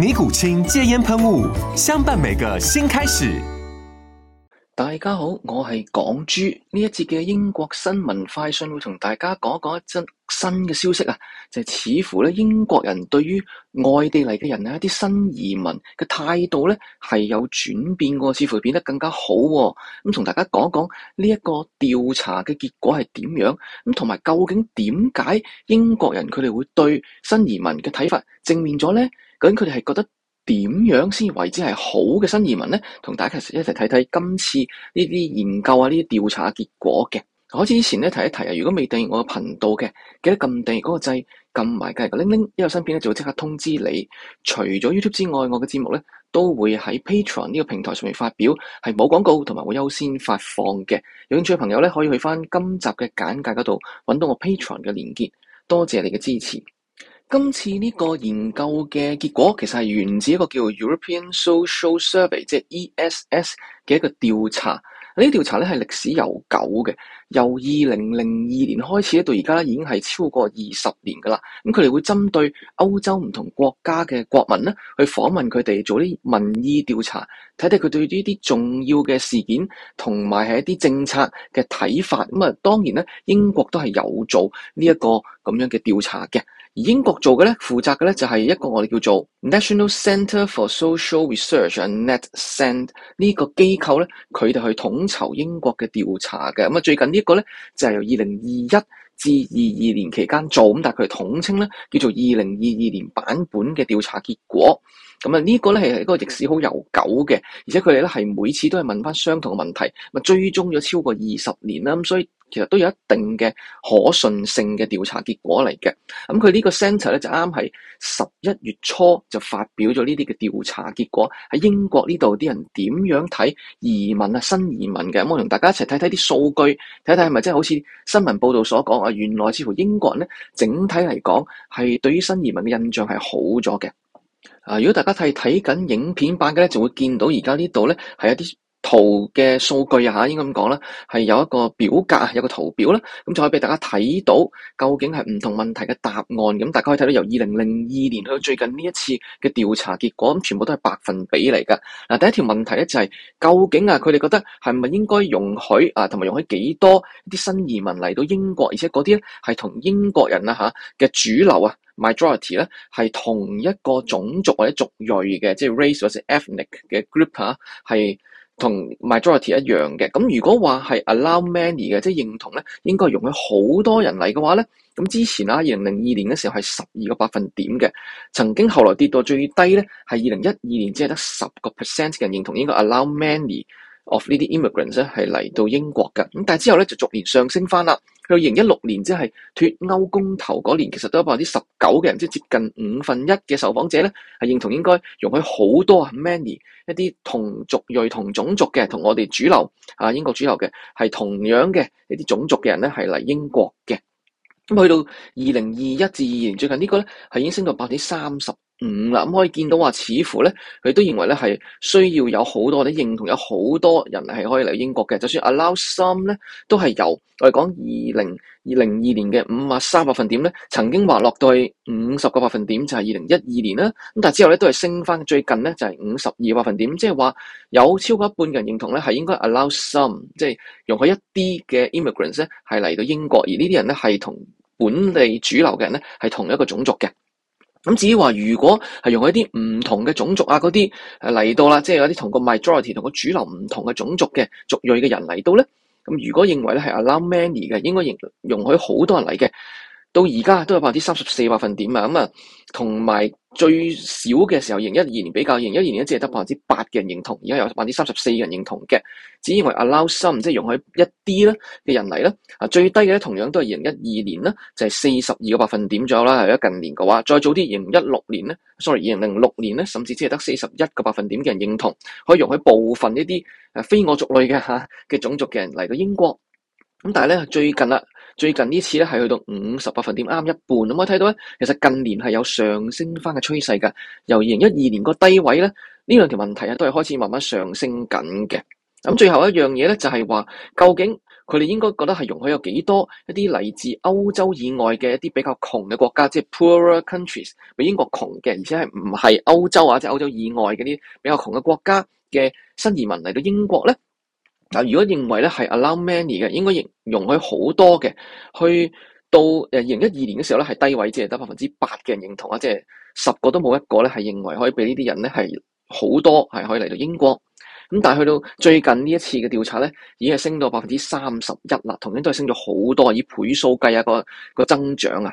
尼古清戒煙噴霧，相伴每個新開始。大家好，我係港豬。呢一節嘅英國新聞快訊，會同大家講一講一則新嘅消息啊。就係，似乎咧，英國人對於外地嚟嘅人啊，一啲新移民嘅態度咧，係有轉變嘅，似乎變得更加好哦。咁同大家講一講呢一個調查嘅結果係點樣，咁同埋究竟點解英國人佢哋會對新移民嘅睇法正面咗咧？究竟佢哋係覺得點樣先為之係好嘅新移民呢？同大家一齊睇睇今次呢啲研究啊、呢啲調查嘅結果嘅。開始之前咧提一提啊，如果未訂閱我嘅頻道嘅，記得撳訂閱嗰個掣，撳埋加入個鈴鈴，一有新片就會即刻通知你。除咗 YouTube 之外，我嘅節目呢都會喺 Patreon 呢個平台上面發表，係冇廣告同埋會優先發放嘅。有興趣嘅朋友呢，可以去翻今集嘅簡介嗰度揾到我 Patreon 嘅鏈接，多謝你嘅支持。今次呢個研究嘅結果，其實係源自一個叫 European Social Survey，即係 ESS 嘅一個調查。呢啲調查咧係歷史悠久嘅，由二零零二年開始咧到而家咧已經係超過二十年噶啦。咁佢哋會針對歐洲唔同國家嘅國民咧去訪問佢哋，做啲民意調查，睇睇佢對呢啲重要嘅事件同埋係一啲政策嘅睇法。咁啊，當然咧，英國都係有做呢一個咁樣嘅調查嘅。而英國做嘅咧，負責嘅咧就係一個我哋叫做 National Centre for Social Research and NatCen 呢個機構咧，佢哋去統籌英國嘅調查嘅。咁啊，最近呢一個咧就係、係、由二零二一至二二年期間做，咁但係佢哋統稱咧叫做二零二二年版本嘅調查結果。咁啊，呢個咧係一個歷史好悠久嘅，而且佢哋咧係每次都係問翻相同嘅問題，咁啊追蹤咗超過二十年啦。咁所以，其實都有一定嘅可信性嘅調查結果嚟嘅。咁佢呢個 centre 咧就啱係十一月初就發表咗呢啲嘅調查結果，喺英國呢度啲人點樣睇移民啊、新移民嘅。咁、嗯、我同大家一齊睇睇啲數據，睇睇係咪真係好似新聞報道所講啊，原來似乎英國人咧整體嚟講係對於新移民嘅印象係好咗嘅。啊，如果大家係睇緊影片版嘅咧，就會見到而家呢度咧係一啲。圖嘅數據啊，嚇應該咁講啦，係有一個表格，有個圖表啦，咁就可以俾大家睇到究竟係唔同問題嘅答案。咁大家可以睇到由二零零二年去到最近呢一次嘅調查結果，咁全部都係百分比嚟㗎。嗱，第一條問題咧就係究竟啊，佢哋覺得係咪應該容許啊，同埋容許幾多啲新移民嚟到英國，而且嗰啲咧係同英國人啊吓嘅主流啊 majority 咧係同一個種族或者族裔嘅，即係 race 或者 ethnic 嘅 group 啊，係。同 majority 一樣嘅，咁如果話係 allow many 嘅，即係認同咧，應該容許好多人嚟嘅話咧，咁之前啦、啊，二零零二年嘅時候係十二個百分點嘅，曾經後來跌到最低咧，係二零一二年只係得十個 percent 嘅人認同應該 allow many of 呢啲 immigrants 咧係嚟到英國嘅，咁但係之後咧就逐年上升翻啦。二零一六年，即係脫歐公投嗰年，其實都有百分之十九嘅人，即接近五分一嘅受訪者咧，係認同應該容許好多 many 一啲同族裔、同種族嘅，同我哋主流啊英國主流嘅，係同樣嘅一啲種族嘅人咧，係嚟英國嘅。咁去到二零二一至二年最近呢、呢個咧，係已經升到百分之三十。唔啦，咁、嗯、可以見到話，似乎咧佢都認為咧係需要有好多啲認同，有好多人係可以嚟英國嘅。就算 allow some 咧，都係由我哋講二零二零二年嘅五十三百分點咧，曾經滑落到去五十個百分點，就係二零一二年啦。咁但係之後咧都係升翻，最近咧就係五十二百分點，即係話有超過一半嘅人認同咧係應該 allow some，即係容許一啲嘅 immigrants 咧係嚟到英國，而呢啲人咧係同本地主流嘅人咧係同一個種族嘅。咁至於話，如果係容許一啲唔同嘅種族啊，嗰啲嚟到啦，即係有啲同個 majority 同個主流唔同嘅種族嘅族裔嘅人嚟到咧，咁如果認為咧係 allow many 嘅，應該容容許好多人嚟嘅。到而家都有百分之三十四百分點啊，咁啊，同埋最少嘅時候，二零一二年比較，二零一二年只係得百分之八嘅人認同，而家有百分之三十四嘅人認同嘅，只認為 allow some 即係容許一啲咧嘅人嚟咧，最低嘅同樣都係二零一二年呢，就係四十二個百分點左右啦，係啦，近年嘅話，再早啲二零一六年呢 sorry 二零零六年呢，甚至只係得四十一個百分點嘅人認同，可以容許部分一啲非我族類嘅吓嘅種族嘅人嚟到英國，咁但係呢，最近啦。最近呢次咧係去到五十八分點，啱一半。咁可以睇到咧，其實近年係有上升翻嘅趨勢㗎。由二零一二年個低位咧，呢兩條問題啊都係開始慢慢上升緊嘅。咁最後一樣嘢咧就係話，究竟佢哋應該覺得係容許有幾多一啲嚟自歐洲以外嘅一啲比較窮嘅國家，即係 poorer countries 比英國窮嘅，而且係唔係歐洲啊，即係歐洲以外嘅啲比較窮嘅國家嘅新移民嚟到英國咧？嗱，如果認為咧係 allow many 嘅，應該容容許好多嘅，去到二零一二年嘅時候咧，係低位，即係得百分之八嘅人認同啊，即係十個都冇一個咧係認為可以俾呢啲人咧係好多係可以嚟到英國。咁但係去到最近呢一次嘅調查咧，已經係升到百分之三十一啦，同樣都係升咗好多，以倍數計啊個個增長啊。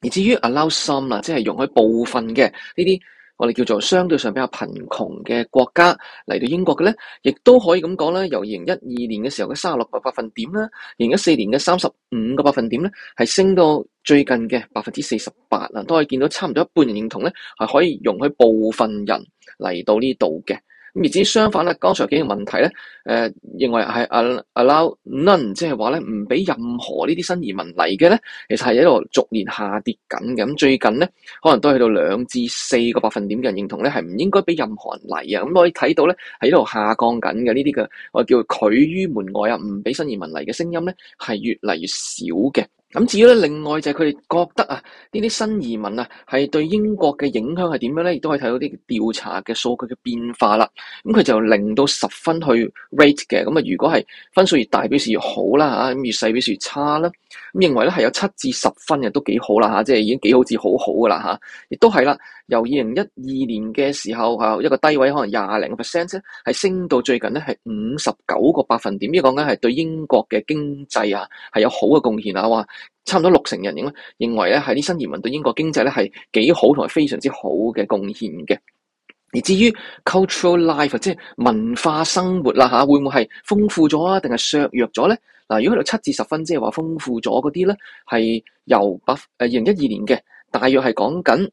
而至於 allow some 啊，即係容許部分嘅呢啲。我哋叫做相對上比較貧窮嘅國家嚟到英國嘅咧，亦都可以咁講啦。由二零一二年嘅時候嘅卅六個百分點啦，二零一四年嘅三十五個百分點咧，係升到最近嘅百分之四十八喇，都可以見到差唔多一半人認同咧，係可以容許部分人嚟到呢度嘅。而相反咧，剛才幾樣問題咧，誒、呃、認為係啊啊 allow none，即係話咧，唔俾任何呢啲新移民嚟嘅咧，其實係一路逐年下跌緊。咁最近呢，可能都去到兩至四個百分點嘅人認同呢，係唔應該俾任何人嚟啊。咁、嗯、可以睇到咧，喺度下降緊嘅呢啲嘅我哋叫拒於門外啊，唔俾新移民嚟嘅聲音呢，係越嚟越少嘅。咁至於咧，另外就係佢哋覺得啊，呢啲新移民啊，係對英國嘅影響係點樣咧？亦都可以睇到啲調查嘅數據嘅變化啦。咁、嗯、佢就零到十分去 rate 嘅。咁、嗯、啊，如果係分數越大表示越好啦，吓、啊、咁、嗯、越細表示越差啦。咁認為咧係有七至十分嘅都幾好啦嚇，即係已經幾好至好好嘅啦嚇，亦都係啦。由二零一二年嘅時候啊，一個低位可能廿零個 percent 咧，係升到最近咧係五十九個百分點。呢個講緊係對英國嘅經濟啊係有好嘅貢獻啦。話差唔多六成人認認為咧係啲新移民對英國經濟咧係幾好同埋非常之好嘅貢獻嘅。而至於 cultural life 即係文化生活啦嚇，會唔會係豐富咗啊？定係削弱咗咧？嗱，如果六七至十分，即係話豐富咗嗰啲咧，係由二零一二年嘅大約係講緊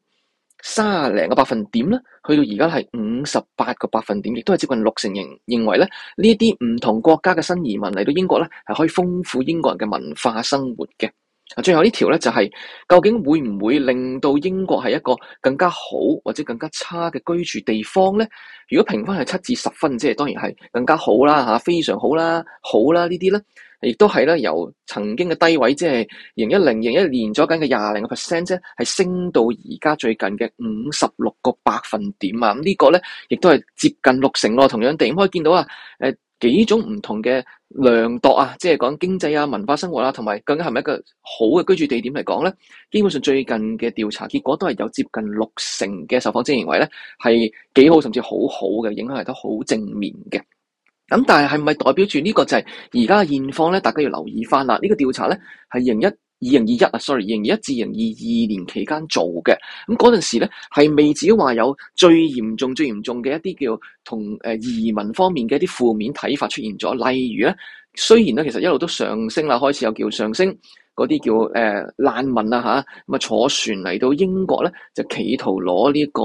三十零個百分點咧，去到而家係五十八個百分點，亦都係接近六成人認為咧，呢啲唔同國家嘅新移民嚟到英國咧，係可以豐富英國人嘅文化生活嘅。啊，最後條呢條咧就係、是、究竟會唔會令到英國係一個更加好或者更加差嘅居住地方咧？如果評分係七至十分，即係當然係更加好啦，吓非常好啦，好啦呢啲咧，亦都係咧由曾經嘅低位，即係零一零、零一年咗緊嘅廿零個 percent 即係升到而家最近嘅五十六個百分點啊！咁呢個咧，亦都係接近六成咯，同樣地，我可以見到啊，誒、呃。幾種唔同嘅量度啊，即係講經濟啊、文化生活啊，同埋更加係咪一個好嘅居住地點嚟講咧？基本上最近嘅調查結果都係有接近六成嘅受訪者認為咧係幾好，甚至好好嘅影響係得好正面嘅。咁但係係咪代表住呢個就係而家嘅現況咧？大家要留意返啦。呢個調查咧係迎一。二零二一啊，sorry，二零二一至二零二二年期間做嘅，咁嗰陣時咧係未至於話有最嚴重、最嚴重嘅一啲叫同誒移民方面嘅一啲負面睇法出現咗，例如咧，雖然咧其實一路都上升啦，開始又叫上升嗰啲叫誒、呃、難民啦嚇，咁啊坐船嚟到英國咧就企圖攞呢、呢個。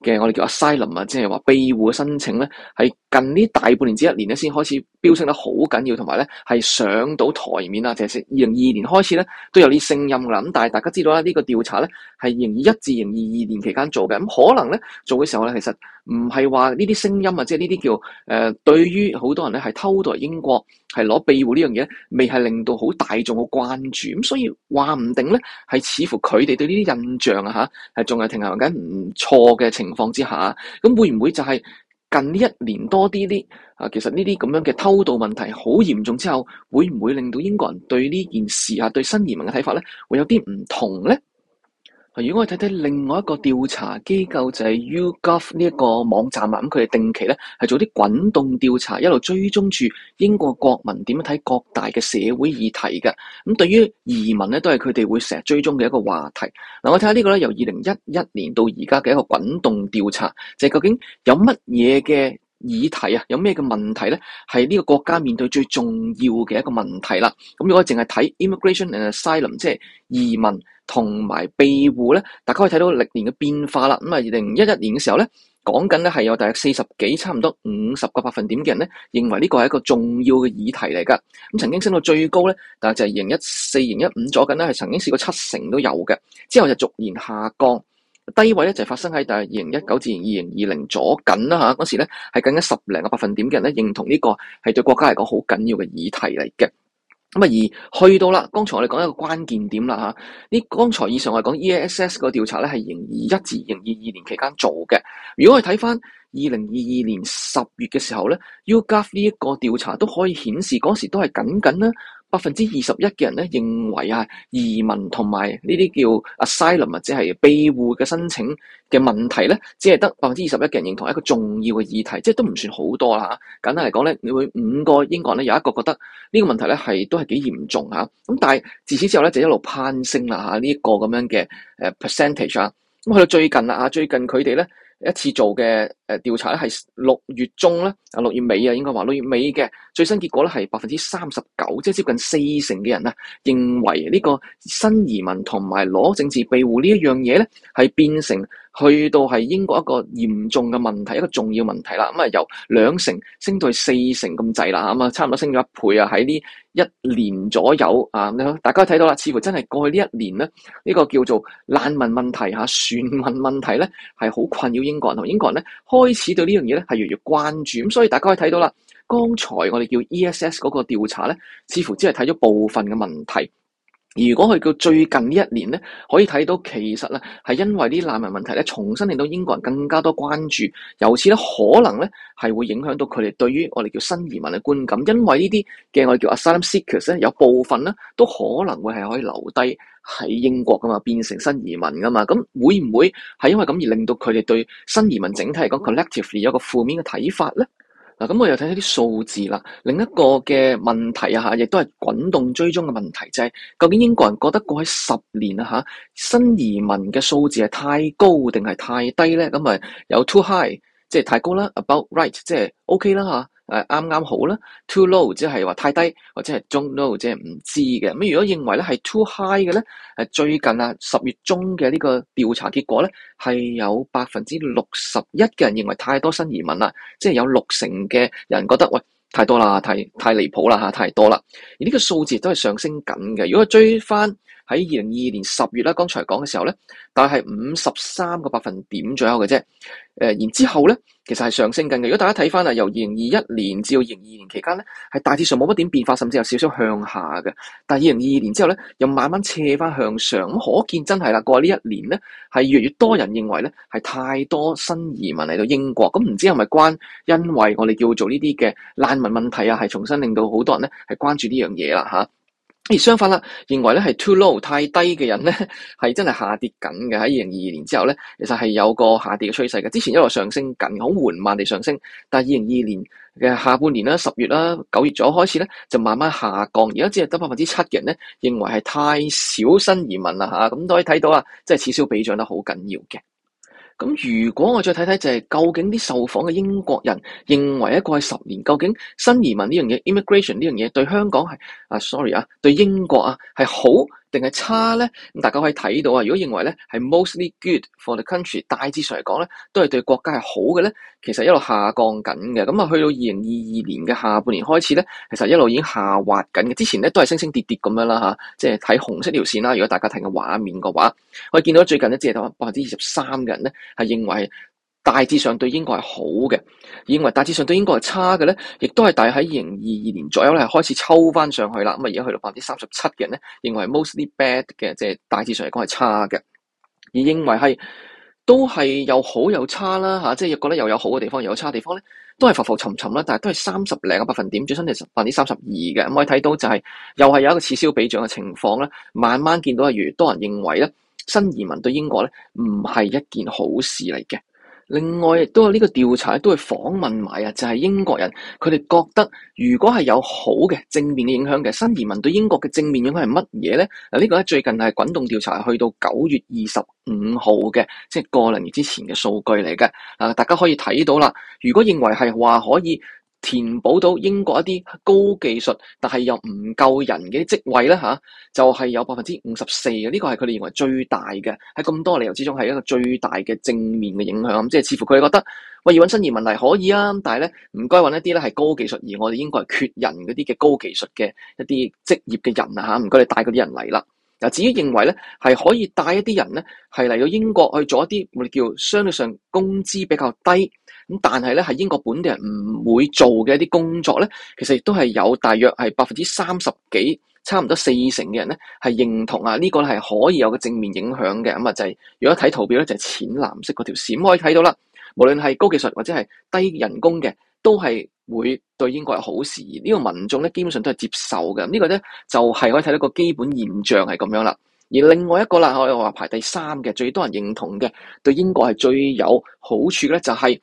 嘅我哋叫阿西林啊，即係話庇護嘅申請咧，係近呢大半年至一年咧，先開始飆升得好緊要，同埋咧係上到台面啊！而且係二零二二年開始咧，都有啲聲音噶。咁但係大家知道啦，呢個調查咧係二零二一至二零二二年期間做嘅，咁、嗯、可能咧做嘅時候咧，其實唔係話呢啲聲音啊，即係呢啲叫誒、呃，對於好多人咧係偷渡英國。係攞庇護呢樣嘢，未係令到好大眾嘅關注，咁所以話唔定咧，係似乎佢哋對呢啲印象啊吓，係仲係停留緊唔錯嘅情況之下，咁，啊，會唔會就係近呢一年多啲啲啊，其實呢啲咁樣嘅偷渡問題好嚴重之後，會唔會令到英國人對呢件事啊，對新移民嘅睇法咧，會有啲唔同咧？如果我哋睇睇另外一個調查機構就係 YouGov 呢一個網站啦，咁佢哋定期咧係做啲滾動調查，一路追蹤住英國國民點樣睇各大嘅社會議題嘅。咁對於移民咧，都係佢哋會成日追蹤嘅一個話題。嗱，我睇下呢個咧，由二零一一年到而家嘅一個滾動調查，就係究竟有乜嘢嘅議題啊？有咩嘅問題咧？係呢個國家面對最重要嘅一個問題啦。咁如果淨係睇 Immigration and asylum，即係移民，同埋庇護咧，大家可以睇到歷年嘅變化啦。咁啊，二零一一年嘅時候咧，講緊咧係有大約四十幾差唔多五十個百分點嘅人咧，認為呢個係一個重要嘅議題嚟噶。咁曾經升到最高咧，但係就係二零一四、二零一五左近咧，係曾經試過七成都有嘅。之後就逐年下降，低位咧就係發生喺大約二零一九至二零二零左近啦嚇。嗰時咧係更加十零個百分點嘅人咧，認同呢個係對國家嚟講好緊要嘅議題嚟嘅。咁啊，而去到啦，剛才我哋講一個關鍵點啦吓，呢。剛才以上我哋講 E A S S 個調查咧，係仍二一至二零二二年期間做嘅。如果我哋睇翻二零二二年十月嘅時候咧，U G A F 呢一個調查都可以顯示，嗰時都係僅僅咧。百分之二十一嘅人咧，認為啊，移民同埋呢啲叫 asylum 或者係庇護嘅申請嘅問題咧，只係得百分之二十一嘅人認同一個重要嘅議題，即係都唔算好多啦、啊。簡單嚟講咧，你會五個英國人咧，有一個覺得呢個問題咧係都係幾嚴重吓。咁、啊、但係自此之後咧，就一路攀升啦吓呢一個咁樣嘅誒 percentage 啊。咁、去到最近啦吓、啊，最近佢哋咧。一次做嘅誒調查咧，係六月中六月尾啊，應該話六月尾嘅最新結果咧，係百分之三十九，即係接近四成嘅人啊，認為呢個新移民同埋攞政治庇護呢一樣嘢咧，係變成，去到係英國一個嚴重嘅問題，一個重要問題啦。咁啊，由兩成升到去四成咁滯啦，咁嘛，差唔多升咗一倍啊，喺呢一年左右啊，咁樣大家睇到啦，似乎真係過去呢一年咧，呢、這個叫做難民問題嚇、船民問題咧，係好困擾英國人同英國人咧，開始對呢樣嘢咧係越嚟越關注。咁所以大家可以睇到啦，剛才我哋叫 ESS 嗰個調查咧，似乎只係睇咗部分嘅問題。如果佢叫最近呢一年咧，可以睇到其實咧係因為啲難民問題咧，重新令到英國人更加多關注，由此咧可能咧係會影響到佢哋對於我哋叫新移民嘅觀感，因為呢啲嘅我哋叫 asylum seekers 咧，有部分咧都可能會係可以留低喺英國噶嘛，變成新移民噶嘛，咁會唔會，係因為咁而令到佢哋對新移民整體嚟講 collectively 有個負面嘅睇法咧？嗱，咁、啊、我又睇睇啲數字啦。另一個嘅問題啊，嚇，亦都係滾動追蹤嘅問題，就係究竟英國人覺得過去十年啊嚇，新移民嘅數字係太高定係太低呢？咁咪有 too high，即係太高啦；about right，即係 OK 啦嚇。啊誒，啱啱好啦，too low 即係話太低，或者係 don't know 即係唔知嘅。咁如果認為咧係 too high 嘅咧，誒最近啊十月中嘅呢個調查結果咧係有百分之六十一嘅人認為太多新移民啦，即係有六成嘅人覺得喂，太多啦，太太離譜啦嚇，太多啦。而呢個數字都係上升緊嘅。如果追翻。喺二零二二年十月咧，剛才講嘅時候咧，大概係五十三個百分點左右嘅啫。誒、呃，然之後咧，其實係上升緊嘅。如果大家睇翻啊，由二零二一年至到二零二二年期間咧，係大致上冇乜點變化，甚至有少少向下嘅。但二零二二年之後咧，又慢慢斜翻向上。咁可見真係啦，過去呢一年咧，係越嚟越多人認為咧，係太多新移民嚟到英國。咁、嗯、唔知係咪關因為我哋叫做呢啲嘅難民問題啊，係重新令到好多人咧係關注呢樣嘢啦嚇。而相反啦，認為咧係 too low 太低嘅人咧，係真係下跌緊嘅。喺二零二二年之後咧，其實係有個下跌嘅趨勢嘅。之前一路上升緊，好緩慢地上升，但係二零二二年嘅下半年啦、十月啦、九月咗開始咧，就慢慢下降。而家只係得百分之七嘅人咧，認為係太少新移民啦嚇。咁、啊、都可以睇到啊，即係此消彼長得好緊要嘅。咁如果我再睇睇就係、是、究竟啲受訪嘅英國人認為過去十年，究竟新移民呢樣嘢、immigration 呢樣嘢對香港係啊、uh，sorry 啊，對英國啊係好，定係差呢？大家可以睇到啊。如果認為呢係 mostly good for the country，大致上嚟講呢，都係對國家係好嘅。呢其實一路下降緊嘅，咁啊去到二零二二年嘅下半年開始呢，其實一路已經下滑緊嘅。之前呢都係升升跌跌咁樣啦吓，即係睇紅色條線啦。如果大家睇個畫面嘅話，我哋見到最近呢只得百分之二十三嘅人呢係認為。大致上對英國係好嘅，認為大致上對英國係差嘅咧，亦都係大約喺二零二二年左右咧，係開始抽翻上去啦。咁啊，而家去到百分之三十七嘅人咧，認為 mostly bad 嘅，即係大致上嚟講係差嘅。而認為係都係又好又差啦嚇，即係覺得又有，有好嘅地方，又有，有差嘅地方咧，都係浮浮沉沉啦。但係都係三十零個百分點，最新係百分之三十二嘅。咁可以睇到就係又係有一個此消彼長嘅情況啦。慢慢見到越嚟越多人認為咧，新移民對英國咧唔係一件好事嚟嘅。另外都有呢個調查，都去訪問埋啊，就係、是、英國人，佢哋覺得如果係有好嘅正面嘅影響嘅新移民對英國嘅正面影響係乜嘢呢？呢、這個呢最近係滾動調查，去到九月二十五號嘅，即係個零月之前嘅數據嚟嘅。啊，大家可以睇到啦，如果認為係話可以。填補到英國一啲高技術但係又唔夠人嘅職位咧吓、啊，就係、是、有百分之五十四嘅，呢、呢個係佢哋認為最大嘅喺咁多理由之中係一個最大嘅正面嘅影響，嗯、即係似乎佢哋覺得喂要揾新移民嚟可以啊，但係咧唔該揾一啲咧係高技術而我哋英國係缺人嗰啲嘅高技術嘅一啲職業嘅人吓，啊、唔該你帶嗰啲人嚟啦。嗱，至於認為咧，係可以帶一啲人咧，係嚟到英國去做一啲我哋叫相對上工資比較低，但係咧係英國本地人唔會做嘅一啲工作呢，其實亦都係有大約係百分之三十幾，差唔多四成嘅人呢係認同啊，呢個係可以有個正面影響嘅，咁啊就係、是、如果睇圖表呢，就係、是、淺藍色嗰條線可以睇到啦，無論係高技術或者係低人工嘅，都係會對英國係好事，呢個民眾咧基本上都係接受嘅，呢個咧就係可以睇到個基本現象係咁樣啦。而另外一個啦，我話排第三嘅，最多人認同嘅對英國係最有好處嘅咧，就係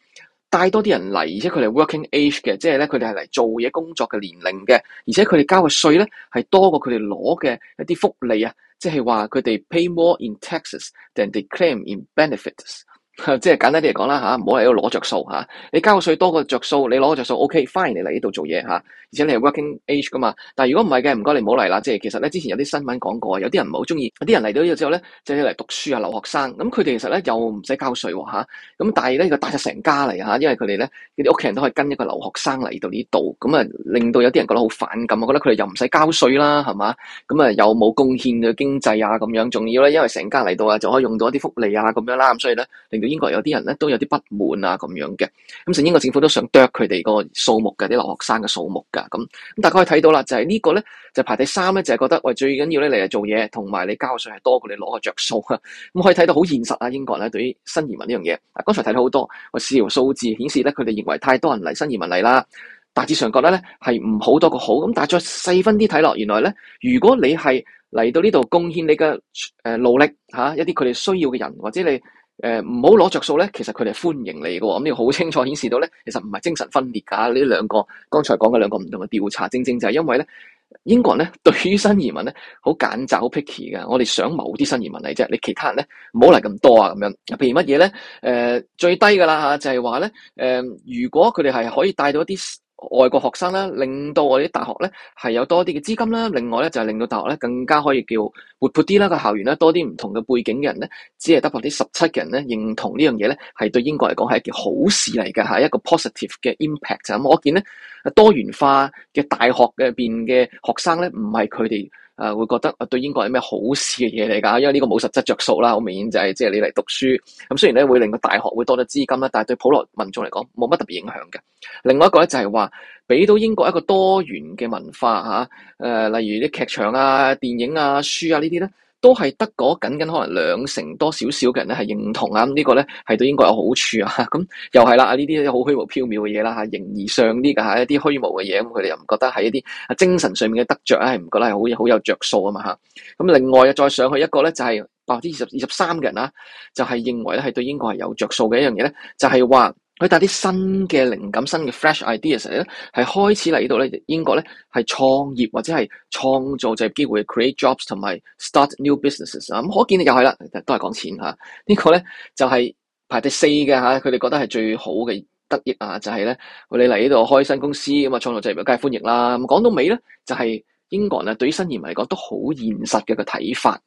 帶多啲人嚟，而且佢哋 working age 嘅，即係咧佢哋係嚟做嘢工作嘅年齡嘅，而且佢哋交嘅稅咧係多過佢哋攞嘅一啲福利啊，即係話佢哋 pay more in taxes than they claim in benefits。即係簡單啲嚟講啦嚇，唔好嚟度攞着數嚇。你交稅多過着數，你攞着數 OK 歡迎你嚟呢度做嘢嚇。而且你係 working age 噶嘛。但係如果唔係嘅，唔該你唔好嚟啦。即係其實咧，之前有啲新聞講過，有啲人唔係好中意，有啲人嚟到呢度之後咧，就嚟讀書啊，留學生。咁佢哋其實咧又唔使交稅喎。咁但係咧，又帶咗成家嚟嚇、啊，因為佢哋咧，啲屋企人都係跟一個留學生嚟到呢度，咁啊，令到有啲人覺得好反感。我覺得佢哋又唔使交稅啦，係嘛？咁、嗯、啊，又冇貢獻嘅經濟啊，咁樣重要咧。因為成家嚟到啊，就可以用到一啲福利啊，咁樣啦，咁、啊、所以咧英國有啲人咧都有啲不滿啊，咁樣嘅咁，成英國政府都想啄佢哋個數目嘅啲留學生嘅數目嘅咁咁，大家可以睇到啦，就係、是、呢個咧就排第三咧，就係覺得喂，最緊要咧，你嚟做嘢同埋你交嘅稅係多過你攞嘅着數啊，咁可以睇到好現實啊，英國咧對於新移民呢樣嘢，嗱，剛才睇到好多，我試用數字顯示咧，佢哋認為太多人嚟新移民嚟啦，大致上覺得咧係唔好多過好，咁但係再細分啲睇落，原來咧如果你係嚟到呢度貢獻你嘅誒努力嚇、啊、一啲佢哋需要嘅人或者你。誒，唔、呃、好攞着數咧，其實佢哋係歡迎你噶，呢個好清楚顯示到咧，其實唔係精神分裂噶、啊。呢兩個剛才講嘅兩個唔同嘅調查，正正就係因為咧，英國人咧對於新移民咧好揀擇、好 picky 噶。我哋想某啲新移民嚟啫，你其他人咧唔好嚟咁多啊。咁樣譬如乜嘢咧？誒、呃，最低噶啦吓，就係話咧，誒、呃，如果佢哋係可以帶到一啲。外國學生啦，令到我哋啲大學咧係有多啲嘅資金啦。另外咧就係、是、令到大學咧更加可以叫活潑啲啦。個校園咧多啲唔同嘅背景嘅人咧，只係得百分之十七嘅人咧認同呢樣嘢咧，係對英國嚟講係一件好事嚟嘅。嚇，一個 positive 嘅 impact 就咁，嗯。我見咧多元化嘅大學入邊嘅學生咧，唔係佢哋。啊、呃，會覺得啊對英國係咩好事嘅嘢嚟㗎？因為呢個冇實質着數啦，好明顯就係即係你嚟讀書，咁、嗯、雖然咧會令到大學會多咗資金啦，但係對普羅民眾嚟講冇乜特別影響嘅。另外一個咧就係、是、話，俾到英國一個多元嘅文化吓，誒、啊呃，例如啲劇場啊、電影啊、書啊呢啲咧。都係得嗰僅僅可能兩成多少少嘅人咧係認同啊，咁呢個咧係對英國有好處啊，咁 又係啦，呢啲好虛無飄渺嘅嘢啦，形而上啲嘅係一啲虛無嘅嘢，咁佢哋又唔覺得係一啲精神上面嘅得着，咧，係唔覺得係好有好有著數啊嘛嚇。咁 另外啊，再上去一個咧就係百分之二十二十三嘅人啊，就係、是就是、認為咧係對英國係有着數嘅一樣嘢咧，就係話。佢帶啲新嘅靈感、新嘅 fresh ideas 咧，係開始嚟呢度咧，英國咧係創業或者係創造就業機會，create jobs 同埋 start new businesses 啊！咁可見你又係啦，都係講錢啊！呢個咧就係、是、排第四嘅嚇，佢、啊、哋覺得係最好嘅得益啊！就係、是、咧，佢哋嚟呢度開新公司咁啊、嗯，創造就業梗係歡迎啦！咁、啊、講到尾咧，就係、是、英國人咧對新移民嚟講都好現實嘅個睇法。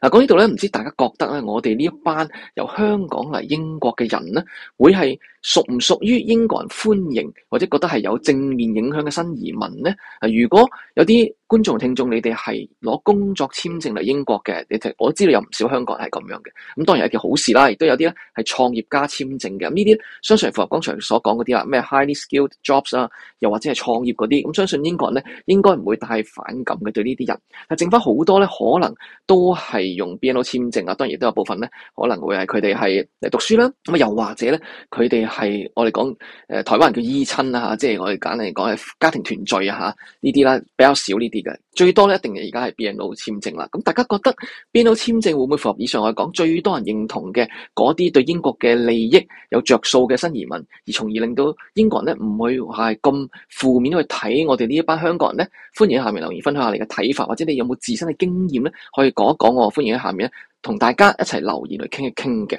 嗱、啊，講呢度咧，唔知大家覺得咧，我哋呢一班由香港嚟英國嘅人咧，會係？屬唔屬於英國人歡迎或者覺得係有正面影響嘅新移民呢？啊，如果有啲觀眾聽眾，你哋係攞工作簽證嚟英國嘅，你我知道有唔少香港人係咁樣嘅。咁當然係一件好事啦，亦都有啲咧係創業家簽證嘅。呢啲相信符合剛才所講嗰啲啦，咩 highly skilled jobs 啊，又或者係創業嗰啲。咁相信英國人咧應該唔會太反感嘅對呢啲人。啊，剩翻好多咧，可能都係用 BNO 簽證啊。當然都有部分咧，可能會係佢哋係嚟讀書啦。咁又或者咧，佢哋。係我哋講誒，台灣人叫依親啊吓，即係我哋簡嚟講係家庭團聚啊吓，呢啲啦比較少呢啲嘅，最多咧一定而家係 BNO 簽證啦。咁、嗯、大家覺得 BNO 簽證會唔會符合以上我哋講最多人認同嘅嗰啲對英國嘅利益有着數嘅新移民，而從而令到英國人咧唔會係咁負面去睇我哋呢一班香港人咧？歡迎喺下面留言分享下你嘅睇法，或者你有冇自身嘅經驗咧，可以講一講我，歡迎喺下面咧同大家一齊留言去傾一傾嘅。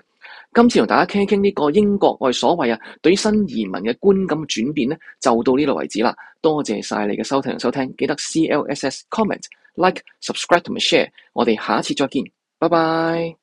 今次同大家傾傾呢個英國外所謂啊，對新移民嘅觀感轉變咧，就到呢度為止啦。多謝曬你嘅收聽收聽，記得 CLSS comment like subscribe 同埋 share，我哋下次再見，拜拜。